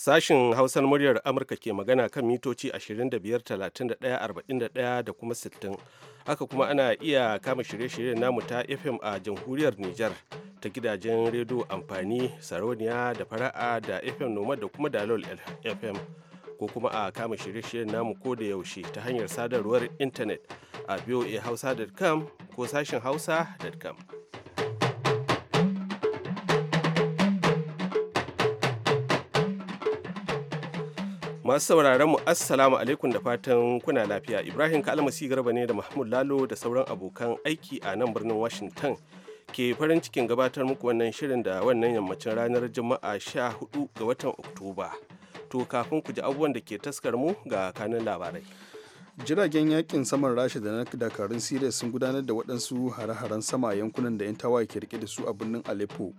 Sashin Hausar muryar Amurka ke magana kan mitoci 25,31,41 da kuma 60. Haka kuma ana iya kama shirye-shiryen namu ta FM a jamhuriyar Nijar ta gidajen rediyo amfani, Saroniya da Fara'a da FM Noma da kuma Dalol FM. Ko kuma a kama shirye-shiryen namu ko da yaushe ta hanyar sadarwar intanet a voahausa.com ko sashin hausa.com. masu sauraron mu assalamu alaikum da fatan kuna lafiya ibrahim kalmasi garba ne da mahmud lalo da sauran abokan aiki a nan birnin washington ke farin cikin gabatar muku wannan shirin da wannan yammacin ranar juma'a hudu ga watan oktoba to kafin ku ji abubuwan da ke taskar mu ga kanin labarai jiragen yakin saman rasha da na dakarun siriya sun gudanar da waɗansu hare-haren sama yankunan da 'yan tawaye ke rike da su a birnin aleppo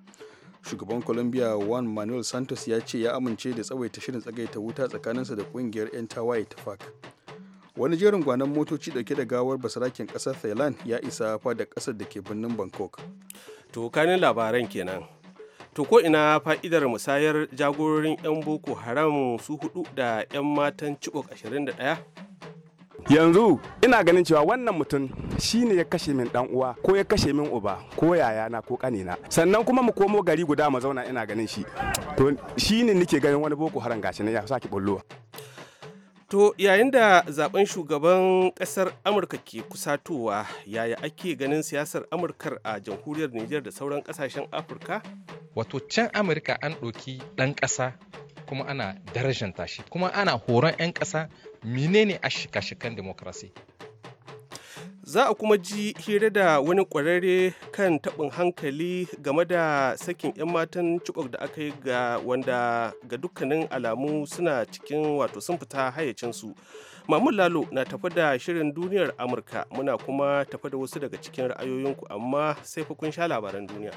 shugaban colombia juan manuel santos ya ce ya amince da tsawaita shirin tsagaita wuta tsakaninsa da kungiyar 'yan tawaye ta fak. wani jerin gwanon motoci dauke da gawar basarakin kasar thailand ya isa fadar kasar da ke birnin bangkok to kanin labaran kenan to ko ina fa'idar musayar jagororin 'yan boko haram su hudu da 'yan matan cibok 21 yanzu ina ganin cewa wannan mutum shine ya kashe min dan uwa ko ya kashe min uba ko yayana ko kanina sannan kuma mu komo gari guda mu zauna ina ganin shi to shine nike ganin wani boko haram gashi ne ya saki bullowa To yayin da zaben shugaban kasar Amurka ke kusatowa yaya ake ganin siyasar Amurkar a jamhuriyar niger da sauran kasashen Afirka? Wato can Amurka an ɗoki ɗan kasa. kuma ana darajan tashi kuma ana horon 'yan ƙasa menene a shika-shikan demokrasi za a kuma ji hira da wani kwararre kan taɓin hankali game da sakin 'yan matan cikok da aka yi ga wanda ga dukkanin alamu suna cikin wato sun fita hayyacinsu mamun lalo na tafi da shirin duniyar amurka muna kuma tafi da wasu daga cikin ra'ayoyinku amma sai fa kun sha labaran duniya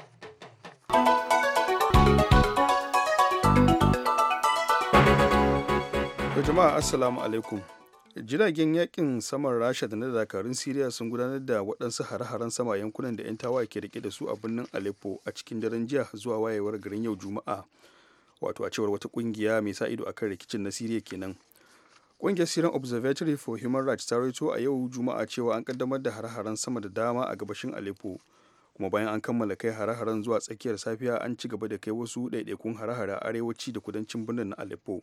To jama'a assalamu alaikum. Jiragen yakin saman Rasha da na dakarun Siriya sun gudanar da waɗansu hare-haren sama yankunan da 'yan tawaye ke rike da su a birnin Aleppo a cikin daren jiya zuwa wayewar garin yau Juma'a. Wato a cewar wata ƙungiya mai sa ido akan rikicin na Siriya kenan. Ƙungiyar Syrian Observatory for Human Rights ta rawaito a yau Juma'a cewa an kaddamar da hare-haren sama da dama a gabashin Aleppo. kuma bayan an kammala kai hare-haren zuwa tsakiyar safiya an ci gaba da kai wasu ɗaiɗaikun hare-hare arewaci da kudancin birnin na Aleppo.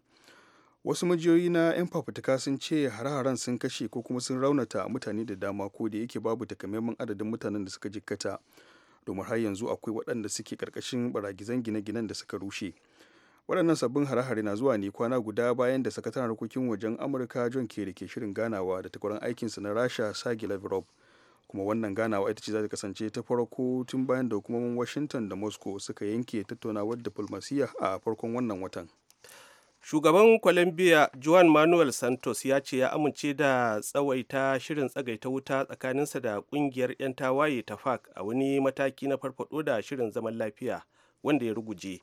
wasu majiyoyi na 'yan fafutuka sun ce hare-haren sun kashe ko kuma sun raunata mutane da dama ko da yake babu takamaiman adadin mutanen da suka jikkata domin har yanzu akwai waɗanda suke ƙarƙashin baragizan gine-ginen da suka rushe waɗannan sabbin hare-hare na zuwa ne kwana guda bayan da sakataren harkokin wajen amurka john kerry ke shirin ganawa da takwaran aikinsa na rasha sagi lavrov kuma wannan ganawa ita ce za ta kasance ta farko tun bayan da hukumomin washington da moscow suka yanke tattaunawar diflomasiyya a farkon wannan watan shugaban colombia juan manuel santos ya ce ya amince da tsawaita shirin tsagaita wuta tsakaninsa da kungiyar 'yan tawaye ta fac a wani mataki na farfado da shirin zaman lafiya wanda ya ruguje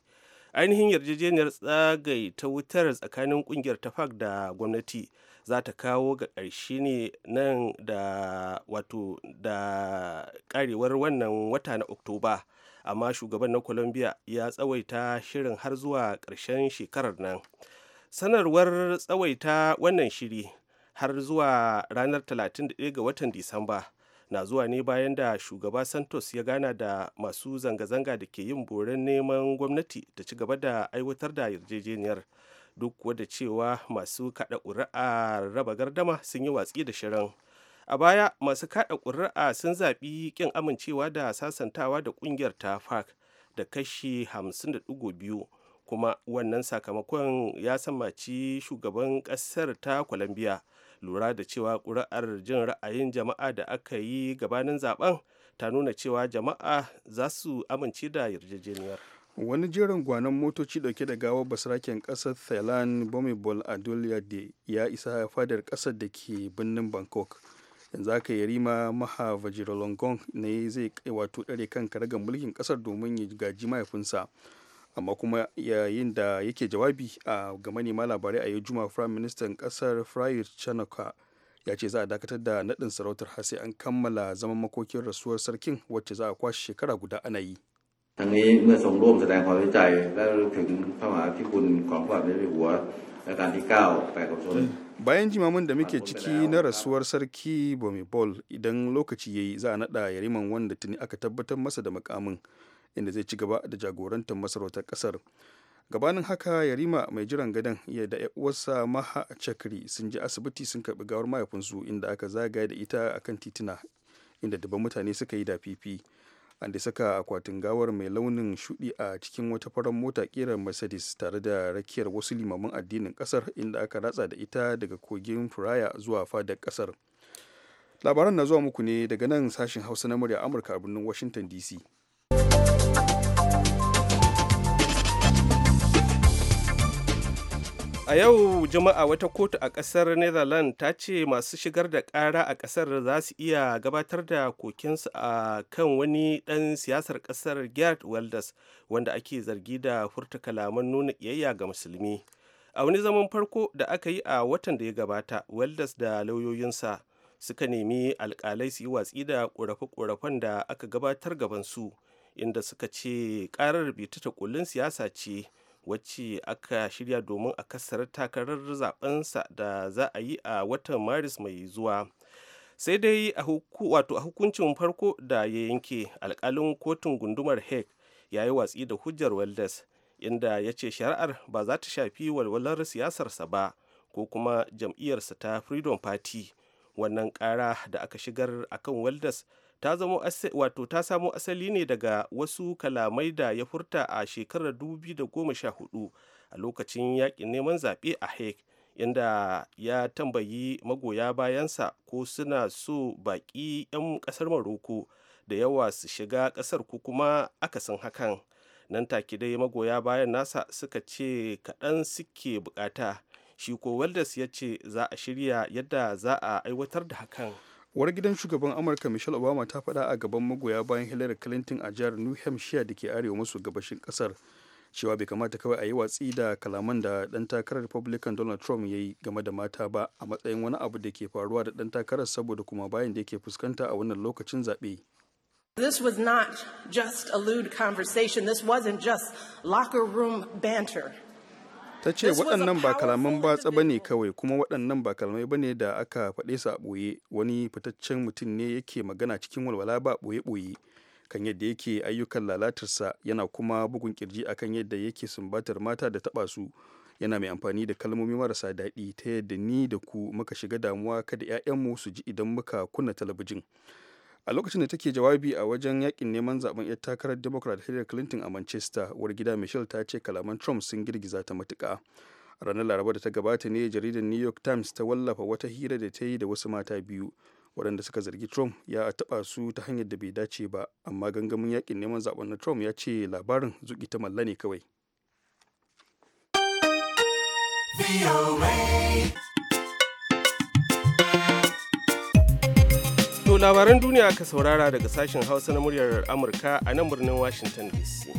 ainihin yarjejeniyar tsagaita wutar tsakanin kungiyar ta fac da gwamnati za ta kawo ga ƙarshe ne nan da wato da karewar wannan wata na oktoba amma shugaban na colombia ya tsawaita shirin har zuwa ƙarshen shekarar nan sanarwar tsawaita wannan shiri har zuwa ranar 31 ga watan disamba na zuwa ne bayan da shugaba santos ya gana da masu zanga-zanga da ke yin borin neman gwamnati ta ci gaba da aiwatar da yarjejeniyar duk wadda cewa masu kada ƙuri'a raba gardama sun yi watsi da shirin a baya masu kada ƙuri'a sun zaɓi ƙin amincewa da sasantawa da ƙungiyar ta fak da kashi 50.2 kuma wannan sakamakon ya sammaci shugaban ƙasar ta colombia lura da cewa ƙuri'ar jin ra'ayin jama'a da aka yi gabanin zaben ta nuna cewa jama'a za su amince da yarjejeniyar wani jerin gwanon motoci dauke da gawar basraken kasar thailand bomibol adulyade ya isa fadar kasar da ke birnin bangkok yanzu aka yi rima maha vajiralongon ne zai wato dare kan karagar mulkin kasar domin ya gaji mahaifinsa amma kuma yayin da yake jawabi a ga manema labarai a yau juma prime minister kasar prayut chanaka ya ce za a dakatar da naɗin sarautar har sai an kammala zaman makokin rasuwar sarkin wacce za a kwashe shekara guda ana yi ทั้งนี้เมื่อทรงร่วมแสดงความไว้ใจ jimamin da muke ciki na rasuwar sarki bomibol idan lokaci ya yi za a naɗa yariman wanda tuni aka tabbatar masa da makamin inda zai ci gaba da jagorantar masarautar ƙasar gabanin haka yarima mai jiran gadon ya da uwarsa maha chakri sun je asibiti sun karɓi gawar mahaifinsu inda aka zagaya da ita akan tituna inda dabban mutane suka yi da fifi an da saka akwatin gawar mai launin shudi a cikin wata farar mota ƙirar mercedes tare da rakiyar wasu limamin addinin kasar inda aka ratsa da ita daga kogin firaya zuwa fadar kasar labaran na zuwa muku ne daga nan sashen hausa na murya amurka a birnin washington dc a yau juma'a wata kotu a kasar netherlands ta ce masu shigar da kara a kasar za su iya gabatar da kokinsu a kan wani dan siyasar kasar gerd welders wanda ake zargi da furta kalaman nuna kiyayya ga musulmi a wani zaman farko da aka yi a watan da ya gabata welders da lauyoyinsa suka nemi alkalai su yi watsi da ƙorafe-ƙorafen da aka gabatar gabansu inda suka ce ƙarar bita ta kullun siyasa ce wacce aka shirya domin a kasar takarar zabensa da za a yi a watan maris mai zuwa sai dai a hukuncin farko da ya yanke alkalin kotun gundumar hague ya yi watsi da hujjar waldas inda ya ce shari'ar ba za ta shafi walwalar siyasarsa ba ko kuma jam'iyyarsa ta freedom party wannan kara da aka shigar akan waldas. ta zamo wato ta samo asali ne daga wasu kalamai da ya furta a shekarar 2014 a lokacin yakin neman zaɓe a hague inda ya tambayi magoya bayansa ko suna so baƙi 'yan ƙasar maroko da yawa su shiga ƙasar ko kuma aka san hakan nan take dai magoya bayan nasa suka ce kaɗan suke bukata shi ko weldes ya ce za a shirya yadda za a aiwatar da hakan uwar gidan shugaban amurka michelle obama ta faɗa a gaban magoya bayan hillary clinton a jihar new hampshire da ke arewa maso gabashin kasar cewa bai kamata kawai a yi watsi da kalaman da ɗan takarar republican donald trump ya yi game da mata ba a matsayin wani abu da ke faruwa da ɗan takarar saboda kuma bayan da yake fuskanta a wannan lokacin zaɓe This was not just a lewd conversation. This wasn't just locker room banter. ta ce waɗannan ba kalaman batsa ba ne kawai kuma waɗannan ba kalamai ba ne da aka faɗe su a ɓoye wani fitaccen mutum ne yake magana cikin walwala ba ɓoye-ɓoye kan yadda yake ayyukan lalatarsa yana kuma bugun kirji akan yadda yake sumbatar mata da taɓa su yana mai amfani da kalmomi marasa daɗi ta yadda ni da ku muka shiga damuwa kada 'ya'yanmu su ji idan muka kunna talabijin a lokacin da take jawabi a wajen yakin neman zaben 'yar takarar democrat hillary clinton a manchester uwar gida michelle ta ce kalaman trump sun girgiza ta matuka ranar laraba da ta gabata ne jaridar new york times ta wallafa wata hira da ta yi da wasu mata biyu waɗanda suka zargi trump ya taɓa su ta hanyar da bai dace ba amma gangamin yakin neman zaben na trump ya ce labarin zuki ta malla ne kawai. labaran duniya ka saurara daga sashen Hausa na muryar Amurka a nan birnin Washington DC.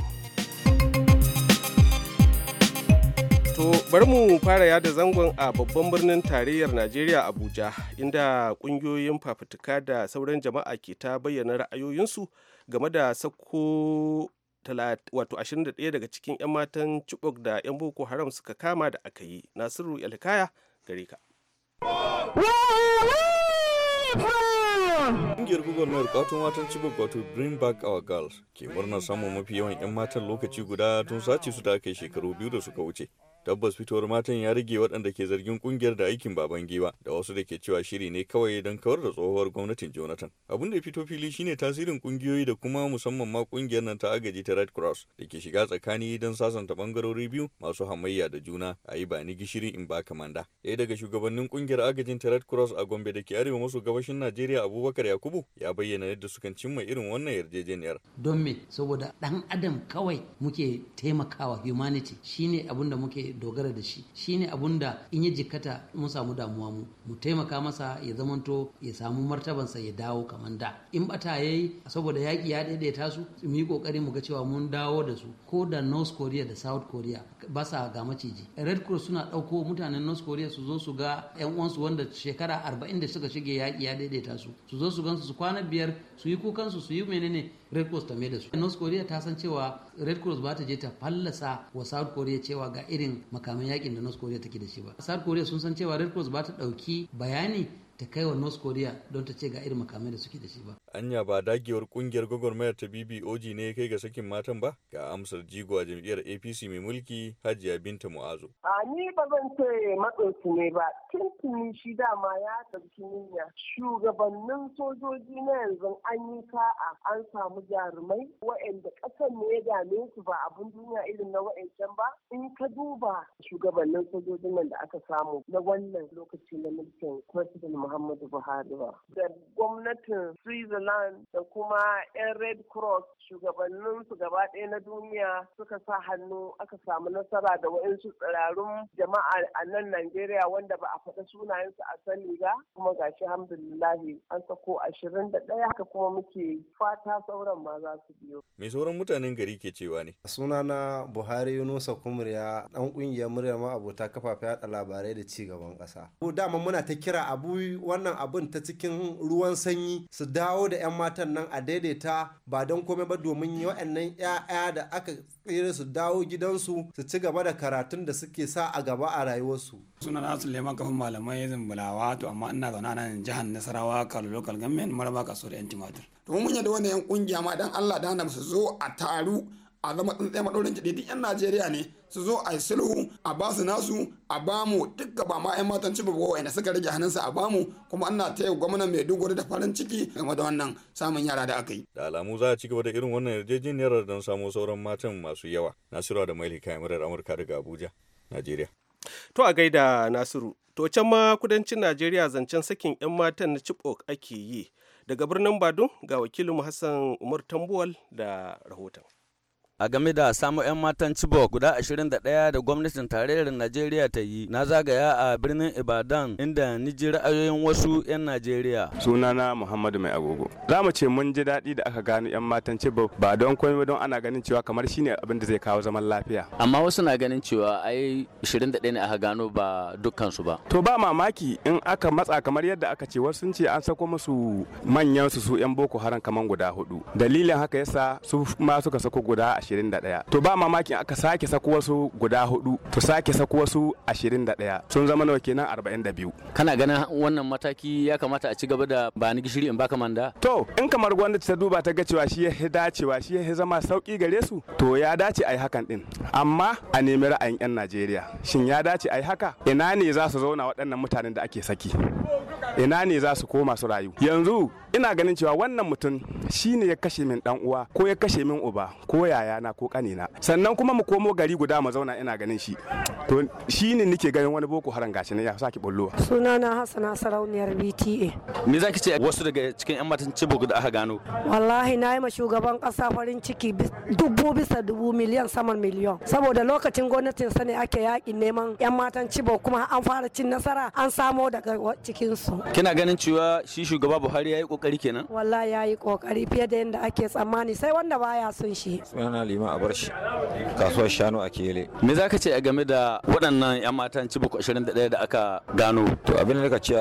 To bari mu fara yada zangon a babban birnin tarayyar Najeriya Abuja inda kungiyoyin fafutuka da sauran jama'a ke ta bayyana ra'ayoyinsu game da sako wato 21 daga cikin 'yan matan Chibok da 'yan Boko Haram suka kama da aka yi. Nasiru alkaya gare ka. Ƙungiyar gwagwarmayar kwatun watan Chibok wato Bring Back Our Girls ke murnar samun mafi yawan 'yan matan lokaci guda tun sace su da aka yi shekaru biyu da suka wuce. tabbas fitowar matan ya rage waɗanda ke zargin kungiyar da aikin baban giwa da wasu da ke cewa shiri ne kawai don kawar da tsohuwar gwamnatin jonathan abin da fito fili shine tasirin kungiyoyi da kuma musamman ma kungiyar nan ta agaji ta red cross da ke shiga tsakani don sasanta bangarori biyu masu hamayya da juna a yi bani gishiri in ba kamanda ɗaya daga shugabannin ƙungiyar agajin ta red cross a gombe da ke arewa maso gabashin najeriya abubakar yakubu ya bayyana yadda sukan cimma irin wannan yarjejeniyar don me saboda dan adam kawai muke taimakawa humanity shine abin da muke dogara da shi shine abun da in ya jikkata mun samu damuwa mu mu taimaka masa ya zamanto ya samu martabansa ya dawo kamar da in bata yayi saboda yaki ya daidaita su mu yi kokari mu ga cewa mun dawo da su ko da North Korea da South Korea ba sa ga maciji Red Cross suna ɗauko mutanen North Korea su zo su ga 'yan uwansu wanda shekara arba'in da suka shige yaƙi ya daidaita su su zo su gansu su kwana biyar su yi kukansu su yi menene red cross ta da su north korea ta san cewa red cross ba ta je ta fallasa wa south korea cewa ga irin makaman yakin da north korea take da shi ba south korea sun san cewa red cross ba ta ɗauki bayani ta kai wa north korea don ta ce ga irin makamai da suke da shi ba anya ba dagewar kungiyar gwagwarmayar ta bbog ne ya kai ga sakin matan ba ga amsar jigo a jam'iyyar apc mai mulki hajiya binta mu'azu a ni ba zan ce matsotsi ne ba tuntuni shi dama ya ɗauki niyya shugabannin sojoji na yanzu an yi sa'a an samu jarumai wa'anda ƙasar ne ya dame su ba abun duniya irin na wa'ancan ba in ka duba shugabannin sojojin nan da aka samu na wannan lokaci na mulkin president Muhammadu Buhari ba. Da gwamnatin Switzerland da kuma 'yan Red Cross shugabannin su gaba ɗaya na duniya suka sa hannu aka samu nasara da waɗansu tsirarun jama'a a nan Najeriya wanda ba a faɗa sunayensu a sani ba kuma gashi alhamdulillahi an sako ashirin da ɗaya ka kuma muke fata sauran ma za su biyo. Me sauran mutanen gari ke cewa ne? Sunana Buhari Yunusa Kumriya ɗan ƙungiyar muryar abota kafafen yaɗa labarai da ci gaban ƙasa. Dama muna ta kira abu wannan abin ta cikin ruwan sanyi su dawo da 'yan matan nan a daidaita ba don komai ba domin wa'annan 'ya'ya da aka tsere su dawo gidansu su ci gaba da karatun da suke sa a gaba a rayuwarsu. suna na suleiman kafin malamai zimbulawa to amma ina zaune nan jihar nasarawa kalu local government maraba kaso da yan timatir to mun yadda wannan yan kungiya ma dan allah dana su zo a taru a zama tsuntsaye maɗaurin ki duk 'yan Najeriya ne su zo a sulhu a ba su nasu a ba mu duk ba ma 'yan matan ci babu wa'ina suka rage hannunsa a ba mu kuma ana taya gwamnan Maiduguri da farin ciki game da wannan samun yara da aka yi. Da alamu za a ci gaba da irin wannan yarjejeniyar don samo sauran matan masu yawa. Nasiru da Maili murar Amurka daga Abuja, Najeriya. To a gaida Nasiru, to can ma kudancin Najeriya zancen sakin 'yan matan na Chibok ake yi. Daga birnin Badun ga Wakilin Hassan Umar Tambuwal da rahoton. a game da samu 'yan matan Cibok, guda 21 da gwamnatin tarayyar Najeriya ta yi na zagaya a birnin Ibadan inda ni ji ra'ayoyin wasu 'yan Najeriya. Sunana Muhammadu Mai Agogo. Za mu ce mun ji daɗi da aka gano 'yan matan Cibok. ba don komai don ana ganin cewa kamar shine abin da zai kawo zaman lafiya. Amma wasu na ganin cewa ai 21 ne aka gano ba dukkansu ba. To ba mamaki in aka matsa kamar yadda aka ce wasu sun ce an sako musu manyan su su 'yan Boko Haram kamar guda hudu. Dalilin haka yasa su ma suka sako guda ɗaya to ba mamakin aka sake sakuwa su guda hudu to sake ashirin wasu ɗaya sun zama nawa kenan biyu kana ganin wannan mataki ya kamata a ci gaba da ba ni gishiri in baka manda to in kamar gwanda ta duba ta ga cewa shi ya dacewa shi ya zama sauki gare su to ya dace a yi hakan din amma a nemi ra'ayin 'yan najeriya shin ya dace a yi haka ina ne za su zauna waɗannan mutanen da ake saki ina ne za su koma su rayu yanzu ina ganin cewa wannan mutum shine ya kashe min dan uwa ko ya kashe min uba ko yayana ko kanina sannan kuma mu komo gari guda mu zauna ina ganin shi to shine nake ganin wani boko haran gashi ne ya saki bullo sunana hasana sarauniyar BTA me zaki ce wasu daga cikin yan matan cibo da aka gano wallahi na yi ma shugaban kasa farin ciki dubu bisa dubu miliyan saman miliyan saboda lokacin gwamnatin sa ne ake yakin neman yan matan cibo kuma an fara cin nasara an samo daga cikin su kina ganin cewa shi shugaba Buhari ya yi kokari kenan wallahi yayi kokari fiye da yadda ake tsammani sai wanda baya son shi sunana lima a bar shi kasuwar shanu a kele me zaka ce a game da waɗannan yan matan cibok 21 da aka gano to abin da kace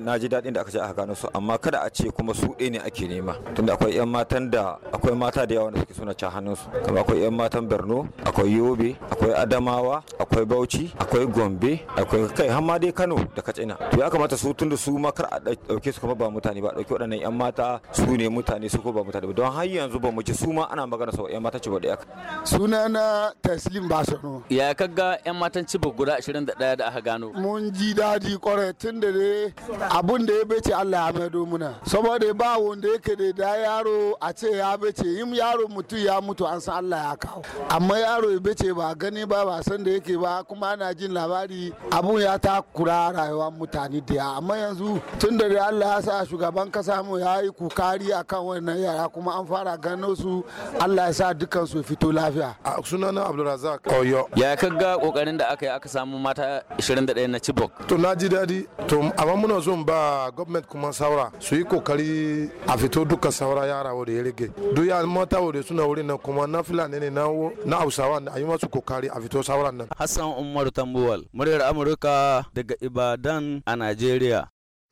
na ji daɗin da aka ce aka gano su amma kada a ce kuma su ɗaya ne ake nema tunda akwai yan matan da akwai mata da yawa da suke suna ca hannun su kamar akwai yan matan Borno akwai Yobe akwai Adamawa akwai Bauchi akwai Gombe akwai kai har ma dai Kano da Katsina to ya kamata su tunda su ma kar a ɗauke su kuma ba mutane ba ɗauki waɗannan 'yan mata su ne mutane su ko ba mutane don har yanzu ba mu su ma ana magana sau 'yan mata ci ba da suna na taslim basano ya kaga 'yan matan ci ba guda 21 da aka gano mun ji daɗi kwarai tun da dai abun da ya bace Allah ya maido muna saboda ba wanda yake da da yaro a ce ya bace yin yaro mutum ya mutu an san Allah ya kawo amma yaro ya bace ba gani ba ba san da yake ba kuma ana jin labari abun ya takura rayuwar mutane da amma yanzu tun da Allah ya sa shugaban aka samu ya yi kukari a kan wannan yara kuma an fara gano su allah ya sa dukkan su fito lafiya a sunana abdulrazak oyo ya kaga kokarin da aka yi aka samu mata 21 na chibok to na ji daɗi to amma muna zo ba gwamnati kuma saura su yi kokari a fito dukkan saura yara wadda ya rage duk ya mata wadda suna wuri nan kuma na fulani ne na hausawa a yi masu kokari a fito sauran nan hassan umaru tambuwal muryar amurka daga ibadan a najeriya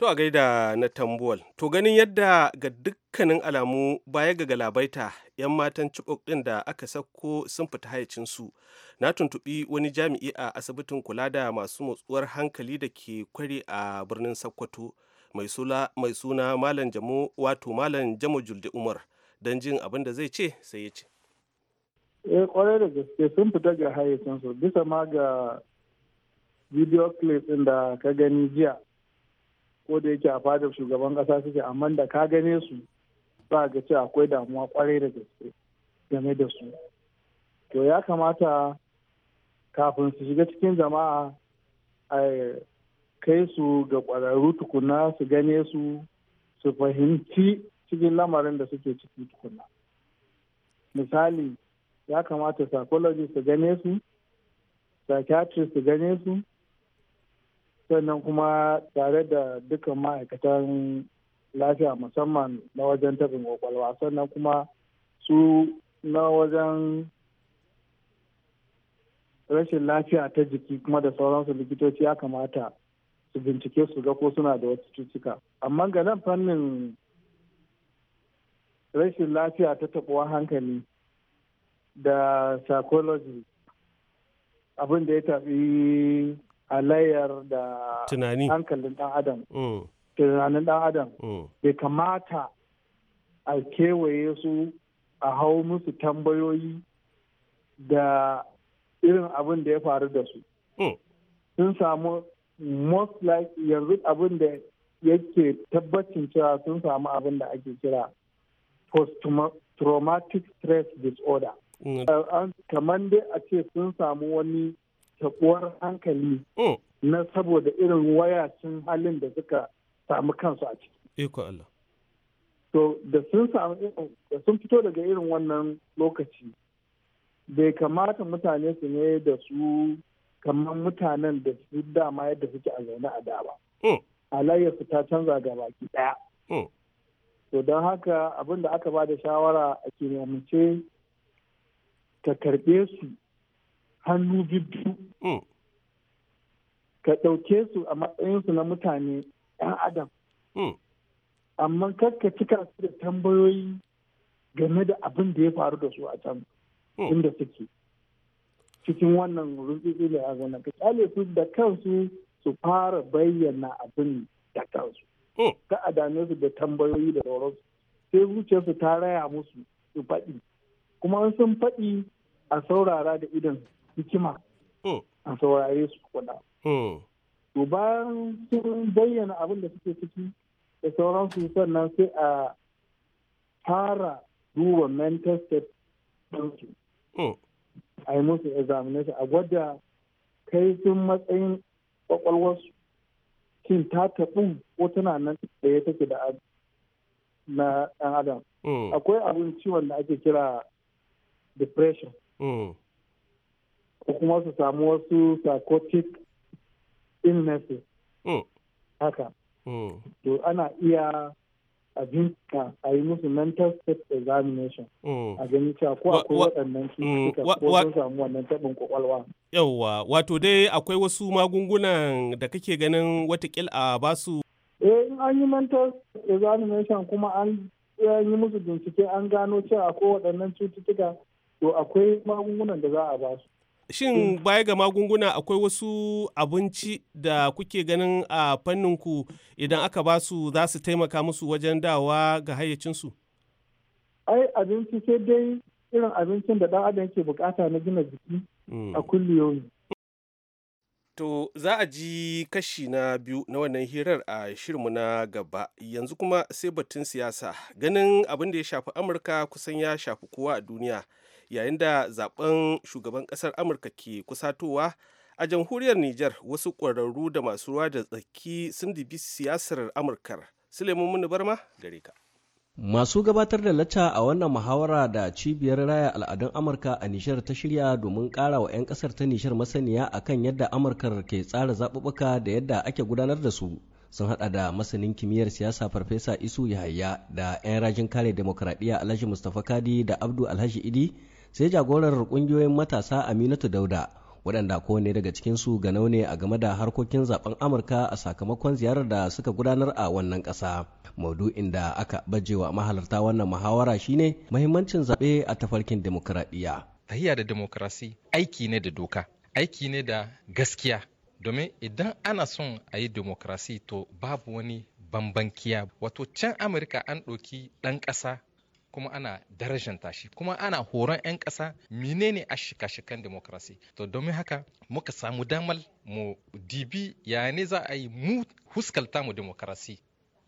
To a gaida na tambuwal. To ganin yadda ga dukkanin alamu baya ga galabaita 'yan matan cibok ɗin da aka sako sun fita hayacinsu. Na tuntuɓi wani jami'i a asibitin kula da masu motsuwar hankali da ke kware a birnin Sokoto mai suna Malam Jamo wato Malam Jamo Julde Umar don jin abin da zai ce sai ya ce. Eh kwarai da gaske sun fita ga su bisa ma ga video ɗin da ka gani jiya. ko da yake a fadar shugaban kasa suke amma da ka gane su ba ga ce akwai damuwa kwarai da gaske game da su to ya kamata kafin su shiga cikin jama'a a kai su ga kwararru tukuna su gane su su fahimci cikin lamarin da suke ciki tukuna misali ya kamata psychologist su gane su psychiatrist su gane su sannan kuma tare da dukkan ma'aikatan lafiya musamman na wajen tabin kwakwalwa sannan kuma su na wajen rashin lafiya ta jiki kuma da sauransu likitoci ya kamata su bincike su ga ko suna da wasu cutuka amma ga nan fannin rashin lafiya ta taɓuwar hankali da psychology abin da ya tafi alayar da tunani hankalin dan adam mm. tunanin dan adam mm. bai kamata a kewaye su a hau musu tambayoyi da irin abin da ya faru da su mm. sun samu most like yanzu abin da yake tabbacin cewa sun samu abin da ake kira post-traumatic stress disorder. kamar dai a ce sun samu wani taɓuwar hankali oh. na saboda irin waya wayacin halin da suka samu kansu a ciki. Iko Allah. To da sun samu da sun fito daga irin wannan lokaci bai kamata mutane su ne da su kamar mutanen da su dama yadda suke a zaune a da ba. Oh. Halayyarsu ta canza ga baki ɗaya. Oh. To don haka abin da aka ba da shawara a kimiyyance ta karɓe su hannu biyu hmm. ka ɗauke su a matsayinsu na mutane ɗan adam hmm. amma ka cika su da tambayoyi game da abin da ya faru da su a can hmm. inda suke cikin wannan rutsutsu da ya ka kyale su da kansu su fara bayyana abin da kansu ka adane su da tambayoyi da sauransu sai su ta raya musu su faɗi kuma sun faɗi a saurara da idan hikima a saurare su kuɗa. To bayan sun bayyana abin da suke ciki da sauran sauransu sannan sai a fara duba mental state ɗinsu. A yi musu examination a gwada kai sun matsayin kwakwalwarsu Kin ta taɓu ko tana nan da ya take da na ɗan adam. Akwai abin ciwon da ake kira depression. ko kuma su samu wasu psychotic illnesses hmm. haka hmm. to ana iya abinka a yi musu mental state examination hmm. a gani cewa ko akwai waɗannan cututtuka ko sun samu wannan taɓin kwakwalwa. Yawwa, wato dai akwai wasu magungunan da kake ganin watakil a basu? Eh, in an yi mental examination kuma an yi musu bincike an gano cewa akwai waɗannan cututtuka to akwai magungunan da za a basu. Shin mm. baya ga magunguna akwai wasu abinci da kuke ganin a fanninku idan aka ba su za su taimaka musu wajen dawa ga hayyacinsu? Ai abinci sai dai irin abincin da ɗan adam ke bukata na gina jiki mm. a kulliyoyi. To za a ji kashi na biyu na wannan hirar a shirinmu na gaba yanzu kuma sai batun siyasa ganin abin da ya shafi Amurka kusan ya shafi kowa a duniya. yayin da zaben shugaban kasar amurka ke kusatowa a jamhuriyar niger wasu ƙwararru da masu ruwa da tsaki sun dibi siyasar amurkar suleiman muni barma gare ka Masu gabatar da lacca a wannan muhawara da cibiyar raya al'adun Amurka a Nishar ta shirya domin kara wa 'yan kasar ta Nishar masaniya akan yadda Amurkar ke tsara zaɓuɓɓuka da yadda ake gudanar da su. Sun hada da masanin kimiyyar siyasa Farfesa Isu Yahaya da 'yan rajin kare demokradiyya Alhaji Mustapha Kadi da Abdu Alhaji Idi sai jagorar kungiyoyin matasa aminatu dauda waɗanda kowane daga cikinsu ganau ne a game da harkokin zaben amurka a sakamakon ziyarar da suka gudanar a wannan ƙasa maudu'in da aka bajewa mahalarta wannan muhawara shine mahimmancin zaɓe a tafarkin demokuraɗiyya tahiya da demokrasi aiki ne da doka aiki ne da gaskiya domin idan ana son a yi demokrasi to babu wani bambankiya wato can amurka an ɗoki ɗan ƙasa kuma ana darajan tashi kuma ana horon 'yan ƙasa menene a shika-shikan demokrasi to domin haka muka samu damar mu dibi ya ne za a yi mu huskalta mu demokrasi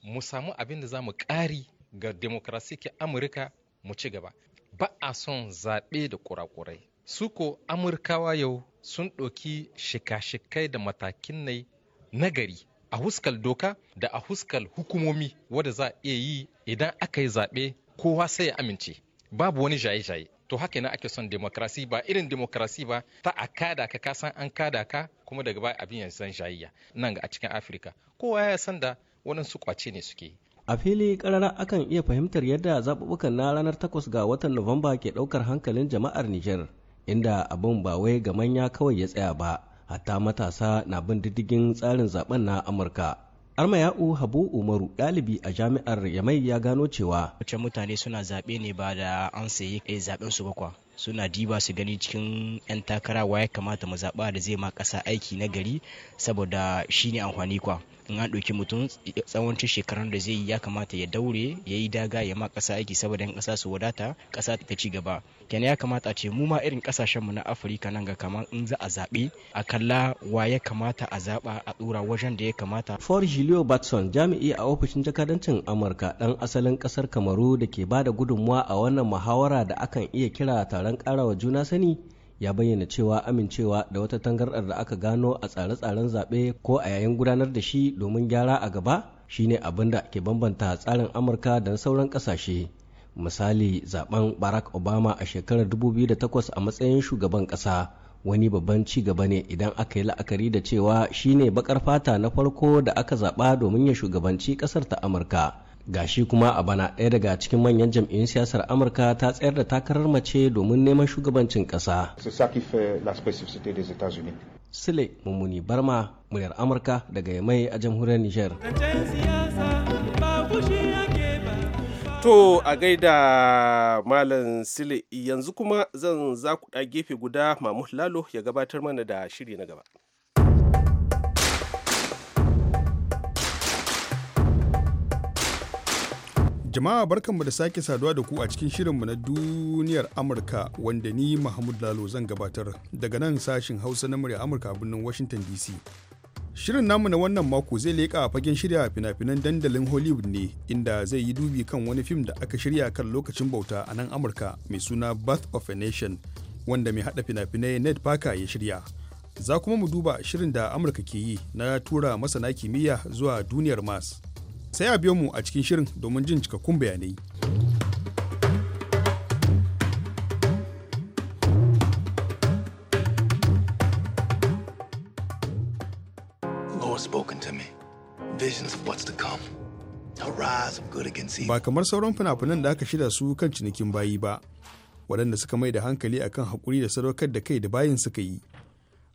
mu samu abin da za mu ƙari ga demokrasi ke amurka mu ci gaba ba a son zaɓe da kurakurai su ko amurkawa yau sun ɗoki shika-shikai da matakin nai nagari a huskal doka da a huskal hukumomi wadda za a iya yi idan aka yi zaɓe kowa sai ya amince babu wani jaye-jaye to haka ne ake son demokrasi ba irin demokrasi ba ta a kada ka kasan an kada ka kuma daga baya abin yanzu zan jayayya nan ga a cikin afirka kowa ya san da su kwace ne suke a fili karara akan iya fahimtar yadda zaɓuɓɓukan na ranar 8 ga watan nuwamba ke ɗaukar hankalin jama'ar niger inda abin ba wai ga manya kawai ya tsaya ba hatta matasa na bin diddigin tsarin zaben na amurka Armayau Habu Umaru ɗalibi a jami'ar Yamai ya gano cewa wacce mutane suna zaɓe ne ba da an sayi eh, zaɓen su bakwa suna diba su gani cikin 'yan takara wa ya kamata mu zaɓa da zai ma ƙasa aiki na gari saboda shi ne amfani kwa in an ɗauki mutum tsawancin shekarun da zai yi ya kamata ya daure ya yi daga ya ma ƙasa aiki saboda yan ƙasa su wadata ƙasa ta ci gaba kenan ya kamata ce mu ma irin ƙasashen mu na afirka nan ga kamar in za a zaɓe a kalla wa ya kamata a zaɓa a tsura wajen da ya kamata. for julio batson jami'i a ofishin jakadancin amurka ɗan asalin ƙasar kamaru da ke ba da a wannan muhawara da akan iya kira taron ƙarawa juna sani ya bayyana cewa amincewa da wata tangarɗar da aka gano a tsare-tsaren zaɓe ko a yayin gudanar da shi domin gyara a gaba shine abin da ke bambanta tsarin amurka da sauran ƙasashe misali zaben barack obama a shekarar 2008 a matsayin shugaban ƙasa wani babban ci gaba ne idan aka yi la'akari da cewa shine bakar fata na farko da aka zaɓa domin ya shugabanci ƙasar ta amurka gashi kuma a bana ɗaya daga cikin manyan jam'iyyun siyasar amurka ta tsayar da takarar mace domin neman shugabancin ƙasa sile mummuni barma muryar amurka daga yamai a jamhuriyar nijar To a gaida Malam Sile yanzu kuma zan za ku gefe guda Mamu Lalo ya gabatar mana da shiri na gaba. Jama'a barkanmu da sake saduwa da ku a cikin shirinmu na duniyar Amurka wanda ni Mahmud Lalo zan gabatar daga nan sashin Hausa na murya Amurka a birnin Washington DC. Shirin namu na wannan mako zai leƙa a fagen shirya fina-finan dandalin Hollywood ne inda zai yi dubi kan wani fim da aka shirya kan lokacin bauta a nan Amurka mai suna Birth of a Nation wanda mai haɗa fina-finai Ned Parker ya shirya. Za kuma mu duba shirin da Amurka ke yi na tura masana kimiyya zuwa duniyar Mars. sai a biyo mu a cikin shirin domin jin cikakkun bayanai. Ba kamar sauran fina-finan da aka shida su kan cinikin bayi ba, waɗanda suka mai da hankali akan haƙuri da sadaukar da kai da bayin suka yi.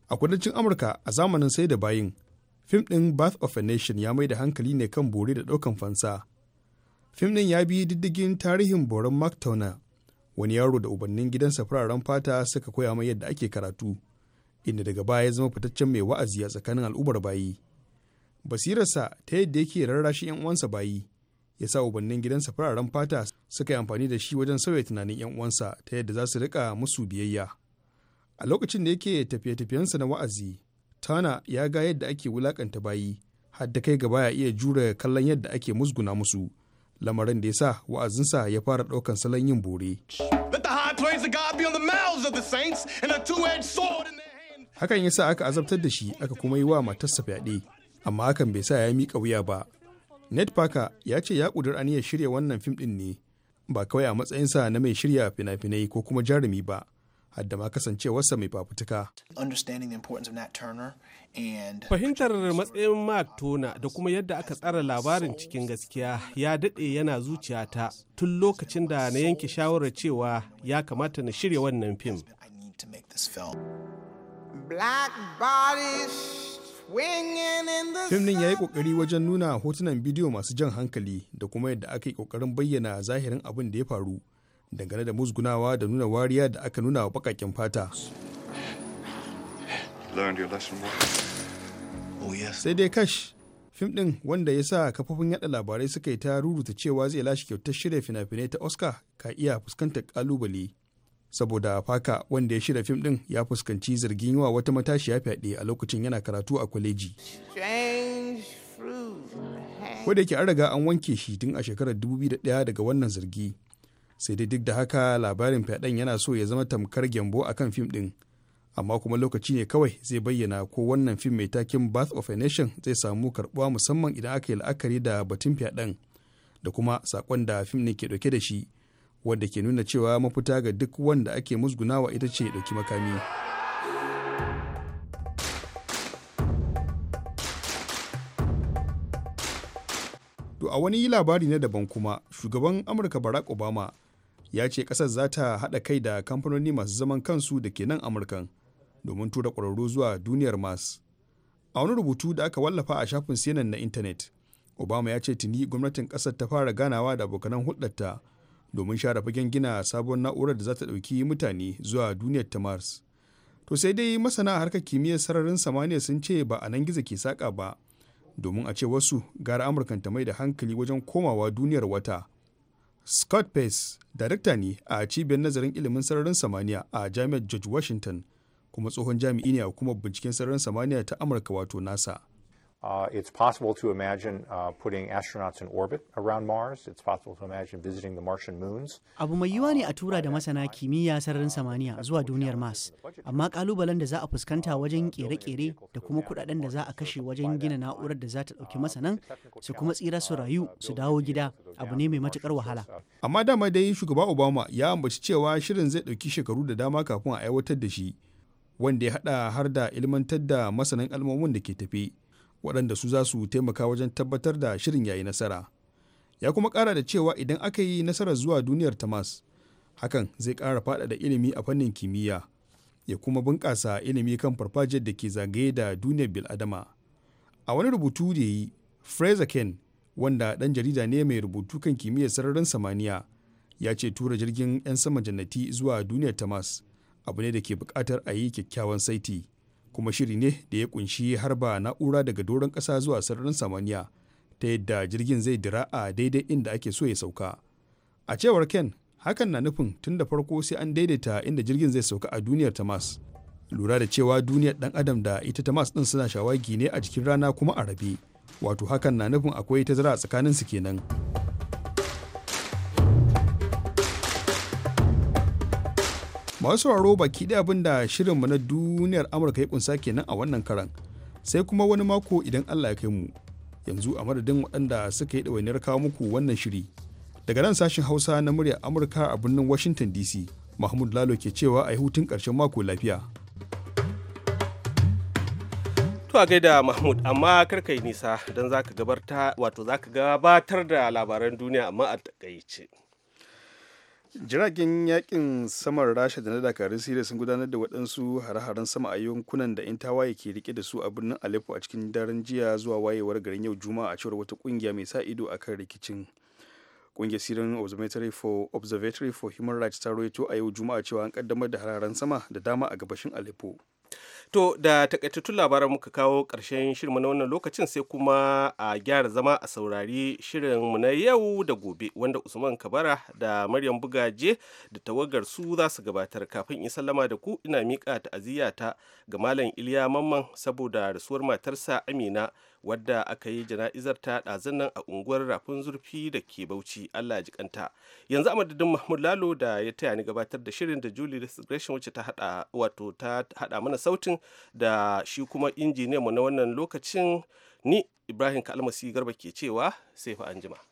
A kudancin Amurka a zamanin sai da bayin, fim ɗin Birth of a Nation ya mai da hankali ne kan bore da ɗaukan fansa. Fim ɗin ya bi diddigin tarihin boron Mark Towner, wani yaro da ubannin gidansa fararen fata suka koya mai yadda ake karatu, inda daga baya ya zama fitaccen mai wa'azi a tsakanin al'ummar bayi. Basirarsa ta yadda yake rarrashi 'yan uwansa bayi, ya sa ubannin gidansa fararen fata suka yi amfani da shi wajen sauya tunanin 'yan uwansa ta yadda za su riƙa musu biyayya. A lokacin da yake tafiye-tafiyensa na wa'azi, tana ya ga yadda ake wulakanta bayi hadda kai gaba ya iya jure kallon yadda ake musguna musu lamarin da ya sa wa'azinsa ya fara ɗaukan salon yin bore. Hakan ya sa aka azabtar da shi aka kuma yi wa matarsa fyaɗe, amma hakan bai sa ya miƙa wuya ba. Ned Parker ya ce ya ƙudur aniyar shirya wannan fim ɗin ne, ba kawai a matsayinsa na mai shirya fina-finai ko kuma jarumi ba, hadda ma kasancewarsa mai fafutuka. Fahimtar matsayin Mark Tona da kuma yadda aka tsara labarin cikin gaskiya ya daɗe yana zuciyata tun lokacin da na yanke shawarar cewa ya kamata na shirya wannan fim. Fim ɗin ya yi ƙoƙari wajen nuna hotunan bidiyo masu jan hankali da kuma yadda aka yi ƙoƙarin bayyana zahirin abin da ya faru. dangane da musgunawa da nuna wariya da aka nuna wa bakakin fata oh, sai dai kash fim ɗin wanda ya sa kafofin yada labarai suka yi ta ruruta cewa zai lashe kyautar shirya fina-finai ta oscar ka iya fuskantar kalubale saboda faka wanda ya shirya fim ɗin ya fuskanci zargin yawa wata matashiya fyaɗe a lokacin yana karatu a kwaleji ko da yake an riga an wanke shi tun a shekarar 2001 daga wannan zargi sai dai duk da haka labarin fyaɗen yana so ya zama tamkar gyambo a kan fim ɗin amma kuma lokaci ne kawai zai bayyana ko wannan fim mai takin bath of a nation zai samu karɓuwa musamman idan aka yi la'akari da batun fyaɗen da kuma saƙon da fim ne ke ɗauke da shi wanda ke nuna cewa mafita ga duk wanda ake musgunawa ita ce ɗauki makami. To a wani labari na daban kuma shugaban Amurka Barack Obama ya ce ƙasar za ta haɗa kai da kamfanoni masu zaman kansu da ke nan amurkan domin tura ƙwararru zuwa duniyar mars a wani rubutu da aka wallafa a shafin cnn na intanet obama ya ce tuni gwamnatin ƙasar ta fara ganawa da abokanan hulɗarta domin share fagen gina sabon na'urar da za ta ɗauki mutane zuwa duniyar ta mars to sai dai masana harkar kimiyyar sararin samaniya sun ce ba a nan gizo ke saƙa ba domin a ce wasu gara amurkan ta mai da hankali wajen komawa duniyar wata Scott Pace, darakta ne a cibiyar nazarin ilimin sararin samaniya a Jami'ar George Washington, kuma tsohon jami'i ne a hukumar binciken sararin samaniya ta Amurka wato NASA. Uh, it's possible to imagine uh, putting astronauts in orbit around Mars. It's possible to imagine visiting the Martian moons. Abu mai yiwa ne a uh, tura da masana kimiyya sararin samaniya zuwa duniyar Mars. Amma kalubalen da za a fuskanta wajen kere-kere da kuma kudaden da za a kashe wajen gina na'urar da za ta dauki masanan su kuma tsira su rayu su dawo gida abu ne mai matukar wahala. Amma dama dai shugaba Obama ya ambaci cewa shirin zai dauki shekaru da dama kafin a aiwatar da shi wanda ya hada har da ilmantar da masanan almomin da ke tafi. waɗanda su za su taimaka wajen tabbatar da shirin yayi nasara ya kuma ƙara da cewa idan aka yi nasarar zuwa duniyar tamas hakan zai ƙara faɗaɗa ilimi a fannin kimiyya ya kuma bunƙasa ilimi kan farfajiyar da ke zagaye da duniyar biladama a wani rubutu da yi fraser ken wanda ɗan jarida ne mai rubutu kan kimiyyar sararin samaniya ya ce tura jirgin 'yan sama jannati zuwa duniyar tamas abu ne da ke buƙatar a yi kyakkyawan saiti kuma shiri ne da ya kunshi harba na'ura daga doron ƙasa zuwa sararin samaniya ta yadda jirgin zai dira a daidai inda ake so ya sauka a cewar ken hakan na nufin tun da farko sai an daidaita inda jirgin zai sauka a duniyar tamas lura da cewa duniyar dan adam da ita tamas din suna shawagi ne a jikin rana kuma a rabe wato hakan na nufin akwai tazara tsakanin su kenan. masu sauraro baki da abin da shirinmu na duniyar amurka ya kunsa kenan a wannan karan sai kuma wani mako idan allah ya kai mu yanzu a madadin waɗanda suka yi ɗawainiyar kawo muku wannan shiri daga nan sashen hausa na muryar amurka a birnin washington dc mahmud lalo ke cewa a yi hutun ƙarshen mako lafiya to a gaida mahmud amma karka yi nisa don za ka gabatar da labaran duniya amma a takaice. jiragen yakin saman rasha da na dakarun siriya sun gudanar da waɗansu hare-haren sama a yankunan da intawaye ke rike da su a birnin aleppo a cikin daren jiya zuwa wayewar garin yau juma'a a cewar wata ƙungiya mai sa ido a kan rikicin ƙungiyar sirin observatory for observatory for human rights ta rawaito a yau juma'a cewa an kaddamar da hare-haren sama da dama a gabashin aleppo To da takaitattun labaran muka kawo ƙarshen shirin na wannan lokacin sai kuma a gyara zama a saurari shirinmu na yau da gobe wanda Usman Kabara da Maryam Bugaje da tawagar su za su gabatar kafin in sallama da ku ina miƙa ta'aziyya ta ga Malam Iliya Mamman saboda rasuwar matarsa Amina wadda aka yi jana'izar ta ɗazun nan a unguwar Rafin Zurfi da ke Bauchi Allah ya jikanta. Yanzu a madadin Mahmud Lalo da ya taya ni gabatar da shirin da Julie Gresham wacce ta hada wato ta hada mana sautin da shi kuma injiniyanmu na wannan lokacin ni ibrahim kalmasi garba ke cewa sai fa anjima.